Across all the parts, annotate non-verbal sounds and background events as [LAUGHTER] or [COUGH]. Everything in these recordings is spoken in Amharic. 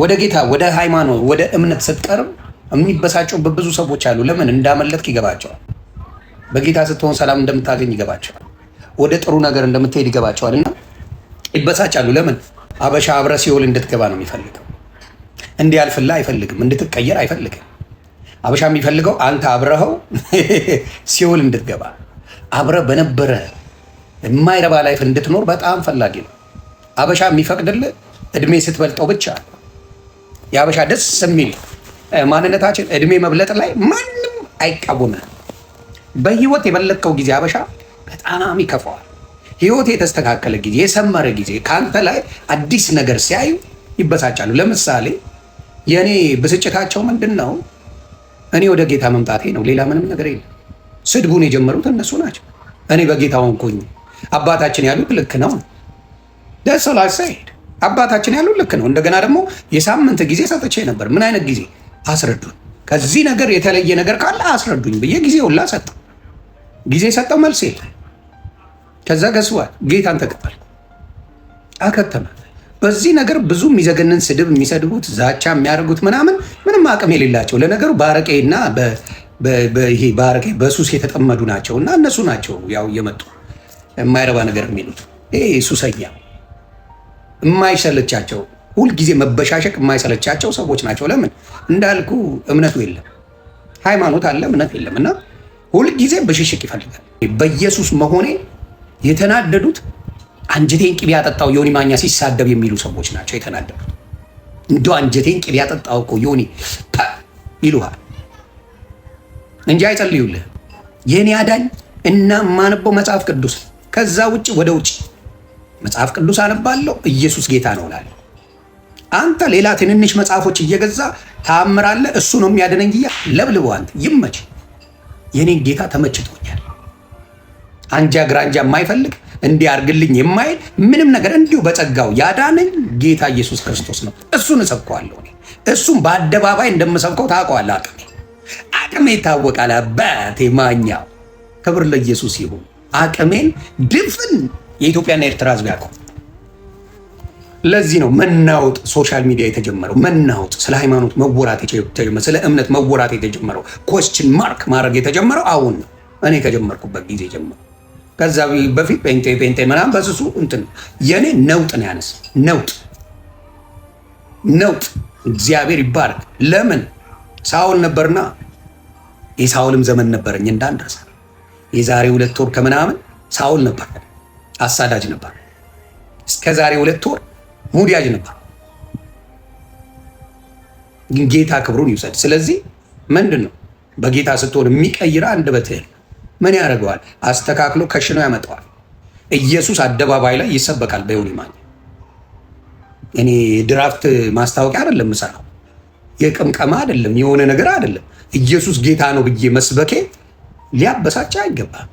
ወደ ጌታ ወደ ሃይማኖት ወደ እምነት ስትቀርብ የሚበሳጩበት ብዙ ሰዎች አሉ። ለምን እንዳመለጥክ ይገባቸዋል። በጌታ ስትሆን ሰላም እንደምታገኝ ይገባቸዋል። ወደ ጥሩ ነገር እንደምትሄድ ይገባቸዋል እና ይበሳጫሉ። ለምን አበሻ አብረ ሲኦል እንድትገባ ነው የሚፈልገው። እንዲያልፍላ አይፈልግም። እንድትቀየር አይፈልግም። አበሻ የሚፈልገው አንተ አብረኸው [LAUGHS] ሲኦል እንድትገባ አብረ በነበረ የማይረባ ላይፍ እንድትኖር በጣም ፈላጊ ነው። አበሻ የሚፈቅድልህ እድሜ ስትበልጠው ብቻ የአበሻ ደስ የሚል ማንነታችን እድሜ መብለጥ ላይ ማንም አይቃወምም። በህይወት የበለጥከው ጊዜ አበሻ በጣም ይከፋዋል። ህይወት የተስተካከለ ጊዜ፣ የሰመረ ጊዜ ከአንተ ላይ አዲስ ነገር ሲያዩ ይበሳጫሉ። ለምሳሌ የእኔ ብስጭታቸው ምንድን ነው? እኔ ወደ ጌታ መምጣቴ ነው። ሌላ ምንም ነገር የለም። ስድቡን የጀመሩት እነሱ ናቸው። እኔ በጌታ ወንኩኝ አባታችን ያሉት ልክ ነው ደስ ላሳሄድ አባታችን ያሉ ልክ ነው። እንደገና ደግሞ የሳምንት ጊዜ ሰጥቼ ነበር። ምን አይነት ጊዜ አስረዱኝ፣ ከዚህ ነገር የተለየ ነገር ካለ አስረዱኝ ብዬ ጊዜ ሁላ ሰጠው። ጊዜ ሰጠው፣ መልስ የለ። ከዛ ገስዋ ጌታን ተቀበል አከተመ። በዚህ ነገር ብዙ የሚዘገንን ስድብ የሚሰድቡት ዛቻ የሚያደርጉት ምናምን ምንም አቅም የሌላቸው ለነገሩ በአረቄና ይሄ በአረቄ በሱስ የተጠመዱ ናቸው እና እነሱ ናቸው ያው እየመጡ የማይረባ ነገር የሚሉት ይሄ ሱሰኛ የማይሰለቻቸው ሁልጊዜ መበሻሸቅ የማይሰለቻቸው ሰዎች ናቸው። ለምን እንዳልኩ እምነቱ የለም፣ ሃይማኖት አለ እምነት የለም። እና ሁልጊዜ ብሽሽቅ ይፈልጋል። በኢየሱስ መሆኔ የተናደዱት አንጀቴን ቅቤ ያጠጣው ዮኒ ማኛ ሲሳደብ የሚሉ ሰዎች ናቸው የተናደዱት። እንደው አንጀቴን ቅቤ ያጠጣው እኮ ዮኒ ይሉሃል እንጂ አይጸልዩልህ። የእኔ አዳኝ እና ማንበው መጽሐፍ ቅዱስ ከዛ ውጭ ወደ ውጭ መጽሐፍ ቅዱስ አነባለሁ፣ ኢየሱስ ጌታ ነው እላለሁ። አንተ ሌላ ትንንሽ መጽሐፎች እየገዛ ታምራለ፣ እሱ ነው የሚያድነኝ እያ ለብልቦ አንተ ይመች። የኔን ጌታ ተመችቶኛል። አንጃ ግራንጃ የማይፈልግ እንዲህ አድርግልኝ የማይል ምንም ነገር እንዲሁ በጸጋው ያዳነኝ ጌታ ኢየሱስ ክርስቶስ ነው። እሱን እሰብከዋለሁ። እሱም በአደባባይ እንደምሰብከው ታውቀዋለህ። አቅሜ አቅሜ ይታወቃል። አባቴ ማኛው ክብር ለኢየሱስ ይሁን። አቅሜን ድፍን የኢትዮጵያና ኤርትራ ህዝብ ያውቀው። ለዚህ ነው መናወጥ ሶሻል ሚዲያ የተጀመረው፣ መናወጥ ስለ ሃይማኖት መወራት የተጀመረው፣ ስለ እምነት መወራት የተጀመረው፣ ኮስችን ማርክ ማድረግ የተጀመረው አሁን ነው። እኔ ከጀመርኩበት ጊዜ ጀመ ከዛ በፊት ጴንጤ ጴንጤ ምናምን በስሱ እንትን የእኔ ነውጥ ነው ያነስ ነውጥ ነውጥ። እግዚአብሔር ይባረክ። ለምን ሳውል ነበርና የሳውልም ዘመን ነበረኝ እንዳንረሳ። የዛሬ ሁለት ወር ከምናምን ሳውል ነበር። አሳዳጅ ነበር። እስከ ዛሬ ሁለት ወር ሙዲያጅ ነበር። ጌታ ክብሩን ይውሰድ። ስለዚህ ምንድን ነው በጌታ ስትሆን የሚቀይረ በትህል ምን ያደርገዋል? አስተካክሎ ከሽኖ ያመጣዋል። ኢየሱስ አደባባይ ላይ ይሰበካል። በይሁን ማኝ እኔ ድራፍት ማስታወቂያ አይደለም ምሰራው፣ የቅምቀማ አይደለም፣ የሆነ ነገር አይደለም። ኢየሱስ ጌታ ነው ብዬ መስበኬ ሊያበሳጭ አይገባም።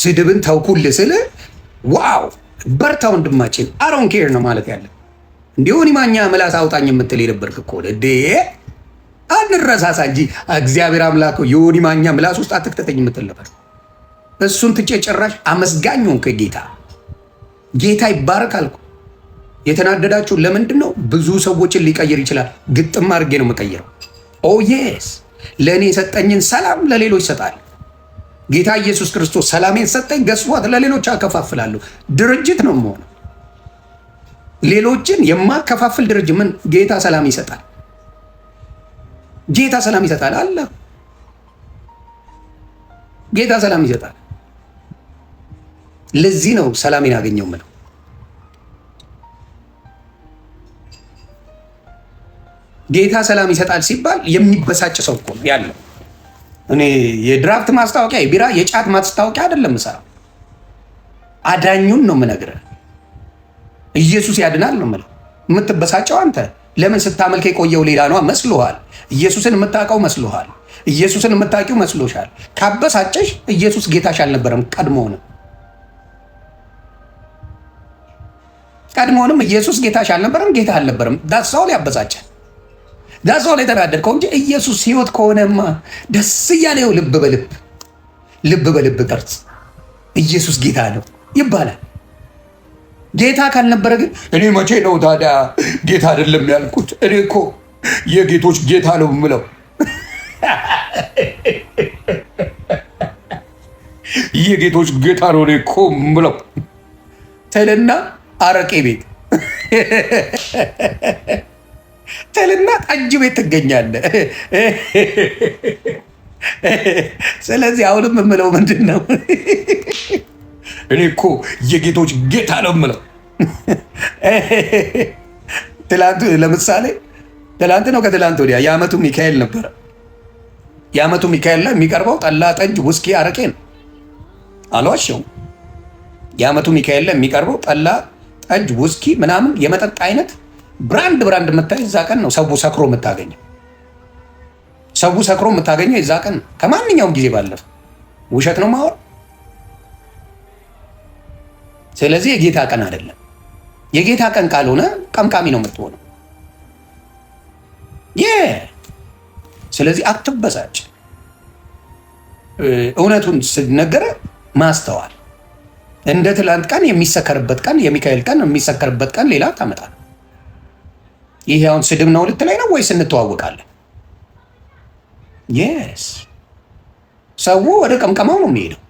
ስድብን ተውኩል ስል ዋው በርታ ወንድማችን አሮን ኬር ነው ማለት ያለ እንዲሁን ማኛ ምላስ አውጣኝ የምትል የነበርክ እኮ አንረሳሳ እንጂ እግዚአብሔር አምላክ የሆኒ ማኛ ምላስ ውስጥ አትክተተኝ የምትል ነበር። እሱን ትቼ ጭራሽ አመስጋኝ ሆንክ። ጌታ ጌታ ይባረክ አልኩ። የተናደዳችሁ ለምንድን ነው? ብዙ ሰዎችን ሊቀይር ይችላል። ግጥም አድርጌ ነው የምቀይረው። ኦ oh የስ ለእኔ የሰጠኝን ሰላም ለሌሎች ይሰጣል። ጌታ ኢየሱስ ክርስቶስ ሰላሜን ሰጠኝ፣ ገስዋት ለሌሎች አከፋፍላለሁ። ድርጅት ነው የምሆነው። ሌሎችን የማከፋፍል ድርጅት ምን ጌታ ሰላም ይሰጣል። ጌታ ሰላም ይሰጣል አለ። ጌታ ሰላም ይሰጣል። ለዚህ ነው ሰላሜን አገኘው ምለው ጌታ ሰላም ይሰጣል ሲባል የሚበሳጭ ሰው እኮ ነው ያለው። እኔ የድራፍት ማስታወቂያ የቢራ የጫት ማስታወቂያ አይደለም የምሰራው። አዳኙን ነው የምነግርህ። ኢየሱስ ያድናል ነው የምልህ። የምትበሳጨው አንተ ለምን ስታመልክ የቆየው ሌላ ነው መስሎሃል። ኢየሱስን የምታውቀው መስሎሃል። ኢየሱስን የምታውቂው መስሎሻል። ካበሳጨሽ ኢየሱስ ጌታሽ አልነበረም። ቀድሞውንም ቀድሞውንም ኢየሱስ ጌታሽ አልነበረም፣ ጌታ አልነበረም። ዳሳውል ሊያበሳጨህ ዳስዋል የተናደድከው እንጂ ኢየሱስ ህይወት ከሆነማ ደስ እያለ ይኸው ልብ በልብ ልብ በልብ ቅርጽ ኢየሱስ ጌታ ነው ይባላል። ጌታ ካልነበረ ግን እኔ መቼ ነው ታዲያ ጌታ አይደለም ያልኩት? እኔ እኮ የጌቶች ጌታ ነው የምለው። [LAUGHS] የጌቶች ጌታ ነው እኔ እኮ የምለው ትልና አረቄ ቤት [LAUGHS] ትልና ጠጅ ቤት ትገኛለህ። ስለዚህ አሁንም የምለው ምንድን ነው፣ እኔ እኮ የጌቶች ጌታ ነው የምለው። ትላንቱ ለምሳሌ ትላንት ነው ከትላንት ወዲያ የአመቱ ሚካኤል ነበረ። የአመቱ ሚካኤል ላይ የሚቀርበው ጠላ፣ ጠጅ፣ ውስኪ፣ አረቄ ነው። አልዋሸውም። የአመቱ ሚካኤል ላይ የሚቀርበው ጠላ፣ ጠጅ፣ ውስኪ ምናምን የመጠጥ አይነት ብራንድ ብራንድ የምታይ እዛ ቀን ነው። ሰው ሰክሮ የምታገኘው ሰው ሰክሮ የምታገኘ እዛ ቀን ነው። ከማንኛውም ጊዜ ባለፈ ውሸት ነው ማወር። ስለዚህ የጌታ ቀን አይደለም። የጌታ ቀን ካልሆነ ቀምቃሚ ነው የምትሆነው። ስለዚህ አትበሳጭ። እውነቱን ስነገረ ማስተዋል እንደ ትላንት ቀን የሚሰከርበት ቀን የሚካኤል ቀን የሚሰከርበት ቀን ሌላ ታመጣል። ይሄ አሁን ስድብ ነው ልትለኝ ነው ወይስ እንተዋወቃለን? የስ ሰው ወደ ቀምቀማው ነው የሚሄደው፣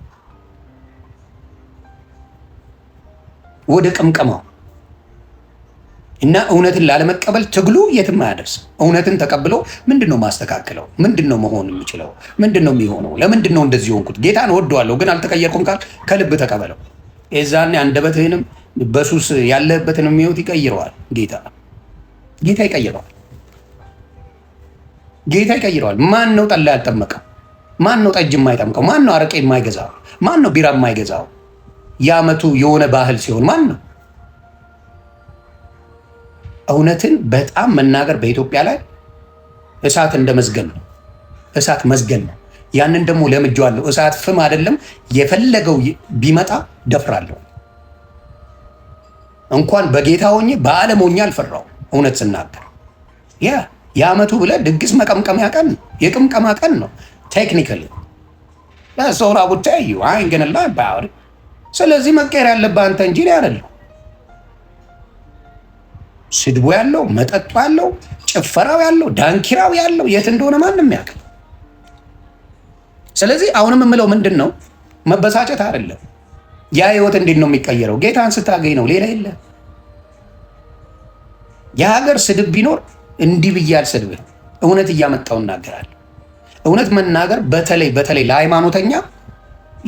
ወደ ቀምቀማው እና እውነትን ላለመቀበል ትግሉ የትም አያደርስም። እውነትን ተቀብሎ ምንድን ነው ማስተካከለው? ምንድን ነው መሆን የሚችለው? ምንድን ነው የሚሆነው? ለምንድን ነው እንደዚህ ሆንኩት? ጌታን ወደዋለሁ ግን አልተቀየርኩም ካል ከልብ ተቀበለው። የዛኔ አንደበትህንም በሱስ ያለበትን ሕይወት ይቀይረዋል ጌታ ጌታ ይቀይረዋል። ጌታ ይቀይረዋል። ማን ነው ጠላ ያልጠመቀው? ማን ነው ጠጅ የማይጠምቀው? ማን ነው አረቄ የማይገዛው? ማን ነው ቢራ የማይገዛው? የአመቱ የሆነ ባህል ሲሆን ማን ነው? እውነትን በጣም መናገር በኢትዮጵያ ላይ እሳት እንደ መዝገን ነው። እሳት መዝገን ነው። ያንን ደግሞ ለምጄዋለሁ። እሳት ፍም አይደለም። የፈለገው ቢመጣ ደፍራለሁ። እንኳን በጌታ ሆኜ በዓለም ሆኜ አልፈራውም። እውነት ስናገር ያ የአመቱ ብለ ድግስ መቀምቀሚያ ቀን የቅምቀማ ቀን ነው። ቴክኒካሊ ለሰውራ ጉዳይ ዩ አይ ገነላ ባውሪ ስለዚህ መቀየር ያለብህ አንተ እንጂ አይደለም። ስድቡ ያለው መጠጡ ያለው ጭፈራው ያለው ዳንኪራው ያለው የት እንደሆነ ማንም ያውቃል። ስለዚህ አሁንም የምለው ምንድን ነው መበሳጨት አይደለም። ያ ህይወት እንዴት ነው የሚቀየረው? ጌታን ስታገኝ ነው፣ ሌላ የለም። የሀገር ስድብ ቢኖር እንዲህ ብዬ አልሰድብህም፣ እውነት እያመጣው እናገራለሁ። እውነት መናገር በተለይ በተለይ ለሃይማኖተኛ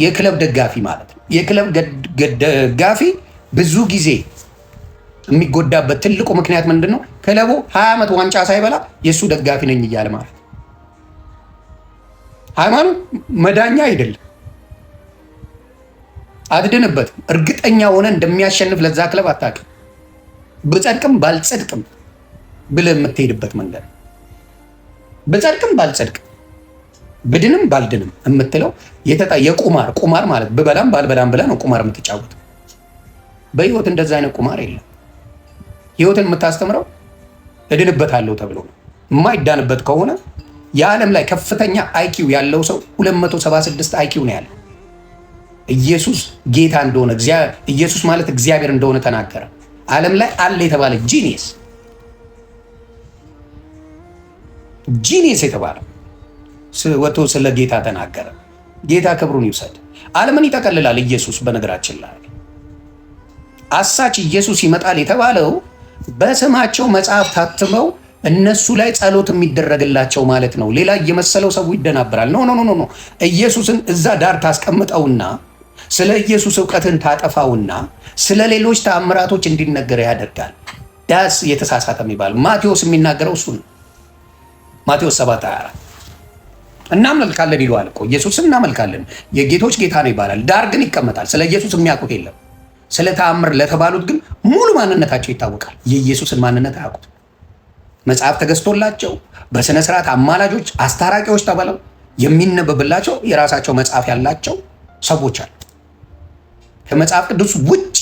የክለብ ደጋፊ ማለት ነው። የክለብ ደጋፊ ብዙ ጊዜ የሚጎዳበት ትልቁ ምክንያት ምንድን ነው? ክለቡ ሀያ ዓመት ዋንጫ ሳይበላ የእሱ ደጋፊ ነኝ እያለ ማለት ሃይማኖት መዳኛ አይደለም። አትድንበትም። እርግጠኛ ሆነ እንደሚያሸንፍ ለዛ ክለብ አታውቅም። በጸድቅም ባልጸድቅም ብለህ የምትሄድበት መንገድ በጸድቅም ባልጸድቅም ብድንም ባልድንም የምትለው የቁማር ቁማር ማለት ብበላም ባልበላም ብላ ነው ቁማር የምትጫወት። በህይወት እንደዛ አይነት ቁማር የለም። ህይወትን የምታስተምረው እድንበታለሁ ተብሎ ነው። የማይዳንበት ከሆነ የዓለም ላይ ከፍተኛ አይኪው ያለው ሰው 276 አይኪው ነው ያለው። ኢየሱስ ጌታ እንደሆነ ኢየሱስ ማለት እግዚአብሔር እንደሆነ ተናገረ። ዓለም ላይ አለ የተባለ ጂኒየስ ጂኒየስ የተባለ ወጥቶ ስለ ጌታ ተናገረ። ጌታ ክብሩን ይውሰድ። ዓለምን ይጠቀልላል ኢየሱስ። በነገራችን ላይ አሳች ኢየሱስ ይመጣል የተባለው በስማቸው መጽሐፍ ታትመው እነሱ ላይ ጸሎት የሚደረግላቸው ማለት ነው። ሌላ እየመሰለው ሰው ይደናብራል። ኖ ኖ ኖ ኖ ኢየሱስን እዛ ዳር ታስቀምጠውና ስለ ኢየሱስ እውቀትን ታጠፋውና ስለ ሌሎች ተአምራቶች እንዲነገር ያደርጋል። ዳስ የተሳሳተ የሚባል ማቴዎስ የሚናገረው እሱ ነው። ማቴዎስ 7 24 እናመልካለን ይለዋል እኮ ኢየሱስ እናመልካለን፣ የጌቶች ጌታ ነው ይባላል። ዳር ግን ይቀመጣል። ስለ ኢየሱስ የሚያውቁት የለም። ስለ ተአምር ለተባሉት ግን ሙሉ ማንነታቸው ይታወቃል። የኢየሱስን ማንነት አያውቁት። መጽሐፍ ተገዝቶላቸው በሥነ ሥርዓት አማላጆች፣ አስታራቂዎች ተባለው የሚነበብላቸው የራሳቸው መጽሐፍ ያላቸው ሰዎች አሉ። ከመጽሐፍ ቅዱስ ውጪ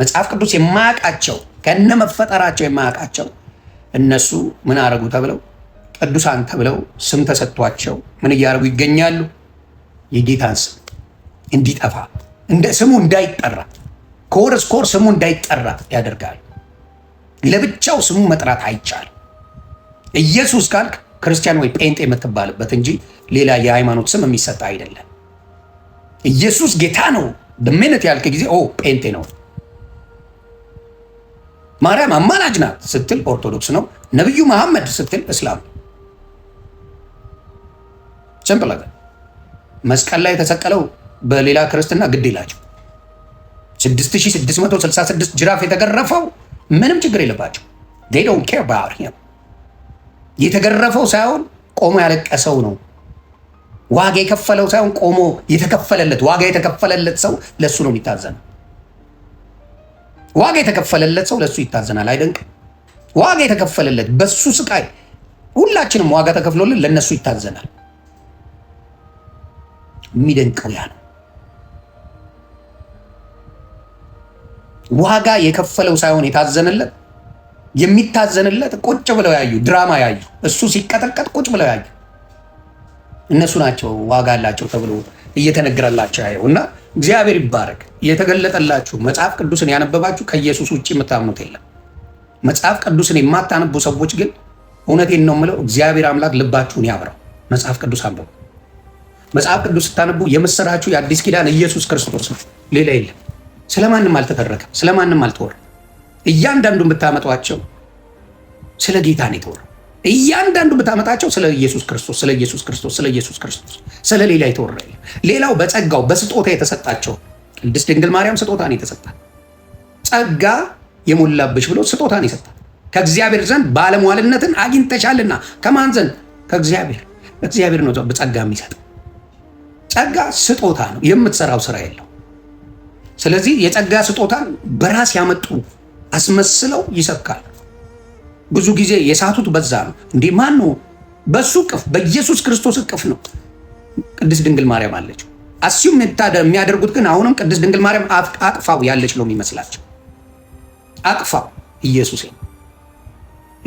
መጽሐፍ ቅዱስ የማያውቃቸው ከነ መፈጠራቸው የማያውቃቸው እነሱ ምን አረጉ ተብለው ቅዱሳን ተብለው ስም ተሰጥቷቸው ምን እያደረጉ ይገኛሉ? የጌታን ስም እንዲጠፋ እንደ ስሙ እንዳይጠራ ከወር እስከ ስሙ እንዳይጠራ ያደርጋሉ። ለብቻው ስሙ መጥራት አይቻልም። ኢየሱስ ካልክ ክርስቲያን ወይ ጴንጤ የምትባልበት እንጂ ሌላ የሃይማኖት ስም የሚሰጥ አይደለም። ኢየሱስ ጌታ ነው ምንት ያልክ ጊዜ ኦ ጴንጤ ነው። ማርያም አማላጅ ናት ስትል ኦርቶዶክስ ነው። ነቢዩ መሐመድ ስትል እስላም ሲምፕል። መስቀል ላይ የተሰቀለው በሌላ ክርስትና ግድ ይላቸው። 6666 ጅራፍ የተገረፈው ምንም ችግር የለባቸው። ዶን የተገረፈው ሳይሆን ቆሞ ያለቀሰው ነው ዋጋ የከፈለው ሳይሆን ቆሞ የተከፈለለት ዋጋ የተከፈለለት ሰው ለሱ ነው የሚታዘነው። ዋጋ የተከፈለለት ሰው ለሱ ይታዘናል። አይደንቅ ዋጋ የተከፈለለት በሱ ስቃይ ሁላችንም ዋጋ ተከፍሎልን ለነሱ ይታዘናል። የሚደንቀው ያ ነው። ዋጋ የከፈለው ሳይሆን የታዘነለት የሚታዘንለት ቁጭ ብለው ያዩ ድራማ ያዩ እሱ ሲቀጠቀጥ ቁጭ ብለው ያዩ እነሱ ናቸው ዋጋ አላቸው ተብሎ እየተነገረላቸው ያየው እና እግዚአብሔር ይባረክ። የተገለጠላችሁ መጽሐፍ ቅዱስን ያነበባችሁ ከኢየሱስ ውጭ የምታምኑት የለም። መጽሐፍ ቅዱስን የማታነቡ ሰዎች ግን እውነቴን ነው የምለው፣ እግዚአብሔር አምላክ ልባችሁን ያብረው። መጽሐፍ ቅዱስ አንብቡ። መጽሐፍ ቅዱስ ስታነቡ የምስራችሁ የአዲስ ኪዳን ኢየሱስ ክርስቶስ ነው፣ ሌላ የለም። ስለማንም አልተተረከም፣ ስለማንም አልተወረም። እያንዳንዱ የምታመጧቸው ስለ ጌታ ነው የተወረው። እያንዳንዱ ብታመጣቸው ስለ ኢየሱስ ክርስቶስ ስለ ኢየሱስ ክርስቶስ ስለ ኢየሱስ ክርስቶስ ስለ ሌላ የተወራ ሌላው በጸጋው በስጦታ የተሰጣቸው ቅድስት ድንግል ማርያም ስጦታን የተሰጣት ጸጋ የሞላብሽ ብሎ ስጦታን የሰጣት ከእግዚአብሔር ዘንድ ባለሟልነትን አግኝተሻልና ከማን ዘንድ ከእግዚአብሔር እግዚአብሔር ነው በጸጋ የሚሰጥ ጸጋ ስጦታ ነው የምትሰራው ስራ የለው ስለዚህ የጸጋ ስጦታን በራስ ያመጡ አስመስለው ይሰብካል ብዙ ጊዜ የሳቱት በዛ ነው። እንዲህ ማን ነው? በሱ በኢየሱስ ክርስቶስ እቅፍ ነው ቅድስት ድንግል ማርያም አለች። አሲም የሚያደርጉት ግን አሁንም ቅድስት ድንግል ማርያም አቅፋው ያለች ነው የሚመስላቸው። አቅፋው ኢየሱስ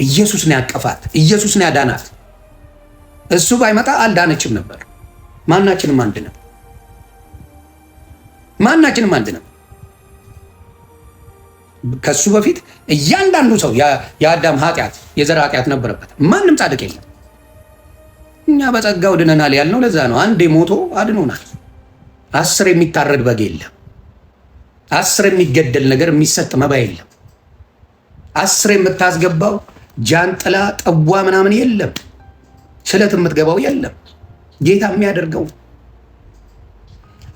ኢየሱስ ነው ያቀፋት፣ ኢየሱስ ነው ያዳናት። እሱ ባይመጣ አልዳነችም ነበር። ማናችንም አንድ ነው። ማናችንም አንድ ነው። ከሱ በፊት እያንዳንዱ ሰው የአዳም ኃጢአት የዘር ኃጢአት ነበረበት። ማንም ጻድቅ የለም። እኛ በጸጋው ድነናል ያልነው ለዛ ነው። አንዴ ሞቶ አድኖናል። አስር የሚታረድ በግ የለም። አስር የሚገደል ነገር የሚሰጥ መባ የለም። አስር የምታስገባው ጃንጥላ ጠቧ ምናምን የለም። ስለት የምትገባው የለም። ጌታ የሚያደርገው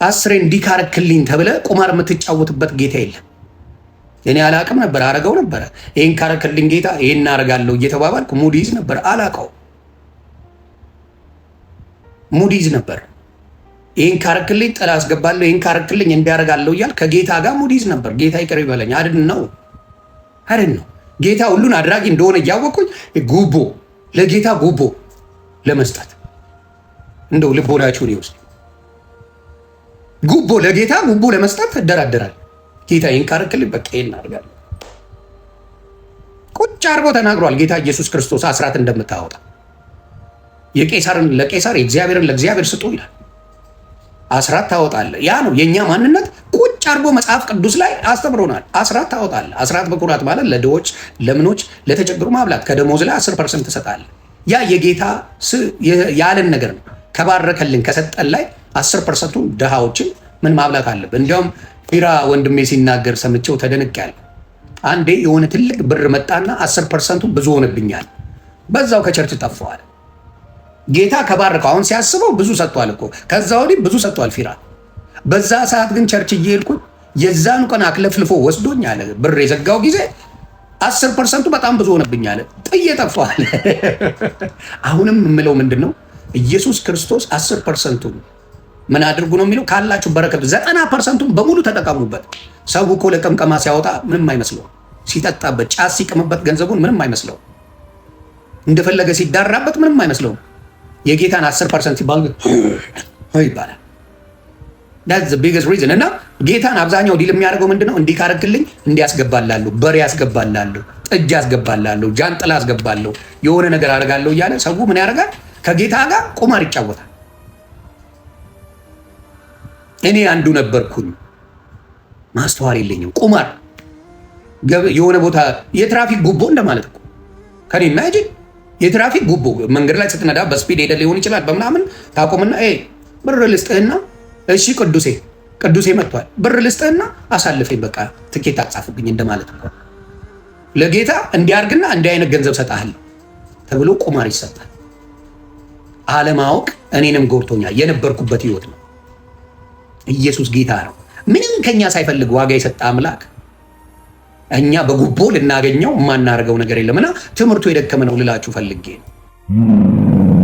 አስሬ እንዲካረክልኝ ተብለ ቁማር የምትጫወትበት ጌታ የለም። እኔ አላቅም ነበር አረገው ነበረ። ይህን ካረክልኝ ጌታ ይህን እናረጋለሁ እየተባባልኩ ሙዲዝ ነበር አላቀው ሙዲዝ ነበር። ይህን ካረክልኝ ጥላ አስገባለሁ፣ ይህን ካረክልኝ እንዲያረጋለሁ እያል ከጌታ ጋር ሙዲዝ ነበር። ጌታ ይቅር ይበለኝ። አድን ነው አድን ነው ጌታ ሁሉን አድራጊ እንደሆነ እያወቅኩኝ ጉቦ ለጌታ ጉቦ ለመስጠት እንደው ልቦናችሁን ይወስድ። ጉቦ ለጌታ ጉቦ ለመስጠት እደራደራል። ጌታ ይህን ካረክልኝ በቃ ይህን ቁጭ አድርጎ ተናግሯል ጌታ ኢየሱስ ክርስቶስ አስራት እንደምታወጣ የቄሳርን ለቄሳር የእግዚአብሔርን ለእግዚአብሔር ስጡ ይላል። አስራት ታወጣለህ። ያ ነው የእኛ ማንነት። ቁጭ አድርጎ መጽሐፍ ቅዱስ ላይ አስተምሮናል። አስራት ታወጣለህ። አስራት በኩራት ማለት ለድሆች፣ ለምኖች፣ ለተቸገሩ ማብላት ከደሞዝ ላይ አስር ፐርሰንት ትሰጣለህ። ያ የጌታ ያለን ነገር ነው። ከባረከልን ከሰጠን ላይ አስር ፐርሰንቱን ድሃዎችን ምን ማብላት አለብህ? እንዲያውም ፊራ ወንድሜ ሲናገር ሰምቼው ተደንቄያለሁ። አንዴ የሆነ ትልቅ ብር መጣና አስር ፐርሰንቱ ብዙ ሆነብኛል፣ በዛው ከቸርች ጠፋዋል። ጌታ ከባረከው አሁን ሲያስበው ብዙ ሰጥቷል እኮ ከዛ ወዲህ ብዙ ሰጥቷል ፊራ። በዛ ሰዓት ግን ቸርች እየሄድኩኝ የዛን ቀን አክለፍልፎ ወስዶኝ አለ ብር የዘጋው ጊዜ አስር ፐርሰንቱ በጣም ብዙ ሆነብኝ አለ። ጥዬ ጠፋዋል። [LAUGHS] አሁንም የምለው ምንድን ነው ኢየሱስ ክርስቶስ አስር ፐርሰንቱን ምን አድርጉ ነው የሚለው ካላችሁ በረከቱ ዘጠና ፐርሰንቱን በሙሉ ተጠቀሙበት። ሰው እኮ ለቀምቀማ ሲያወጣ ምንም አይመስለው፣ ሲጠጣበት ጫት ሲቅምበት ገንዘቡን ምንም አይመስለው፣ እንደፈለገ ሲዳራበት ምንም አይመስለውም። የጌታን አስር ፐርሰንት ሲባል ይባላል። ቢግስት ሪዝን እና ጌታን አብዛኛው ዲል የሚያደርገው ምንድነው? እንዲህ ካረግልኝ እንዲህ ያስገባላለሁ፣ በሬ ያስገባላለሁ፣ ጥጅ ያስገባላለሁ፣ ጃንጥላ ያስገባለሁ፣ የሆነ ነገር አደርጋለሁ እያለ ሰው ምን ያደርጋል? ከጌታ ጋር ቁማር ይጫወታል። እኔ አንዱ ነበርኩኝ። ማስተዋል የለኝም። ቁማር የሆነ ቦታ የትራፊክ ጉቦ እንደማለት እኮ ከኔ ኢማጂን የትራፊክ ጉቦ መንገድ ላይ ስትነዳ በስፒድ ሄደ ሊሆን ይችላል። በምናምን ታቆምና ብር ልስጥህና፣ እሺ ቅዱሴ ቅዱሴ መጥቷል፣ ብር ልስጥህና አሳልፈኝ፣ በቃ ትኬት አጻፍብኝ እንደማለት እኮ ለጌታ እንዲያርግና እንዲህ አይነት ገንዘብ ሰጣለሁ ተብሎ ቁማር ይሰጣል። አለማወቅ እኔንም ጎድቶኛል። የነበርኩበት ህይወት ነው። ኢየሱስ ጌታ ነው። ምንም ከኛ ሳይፈልግ ዋጋ የሰጠ አምላክ እኛ በጉቦ ልናገኘው የማናደርገው ነገር የለም እና ትምህርቱ የደከመ ነው ልላችሁ ፈልጌ ነው።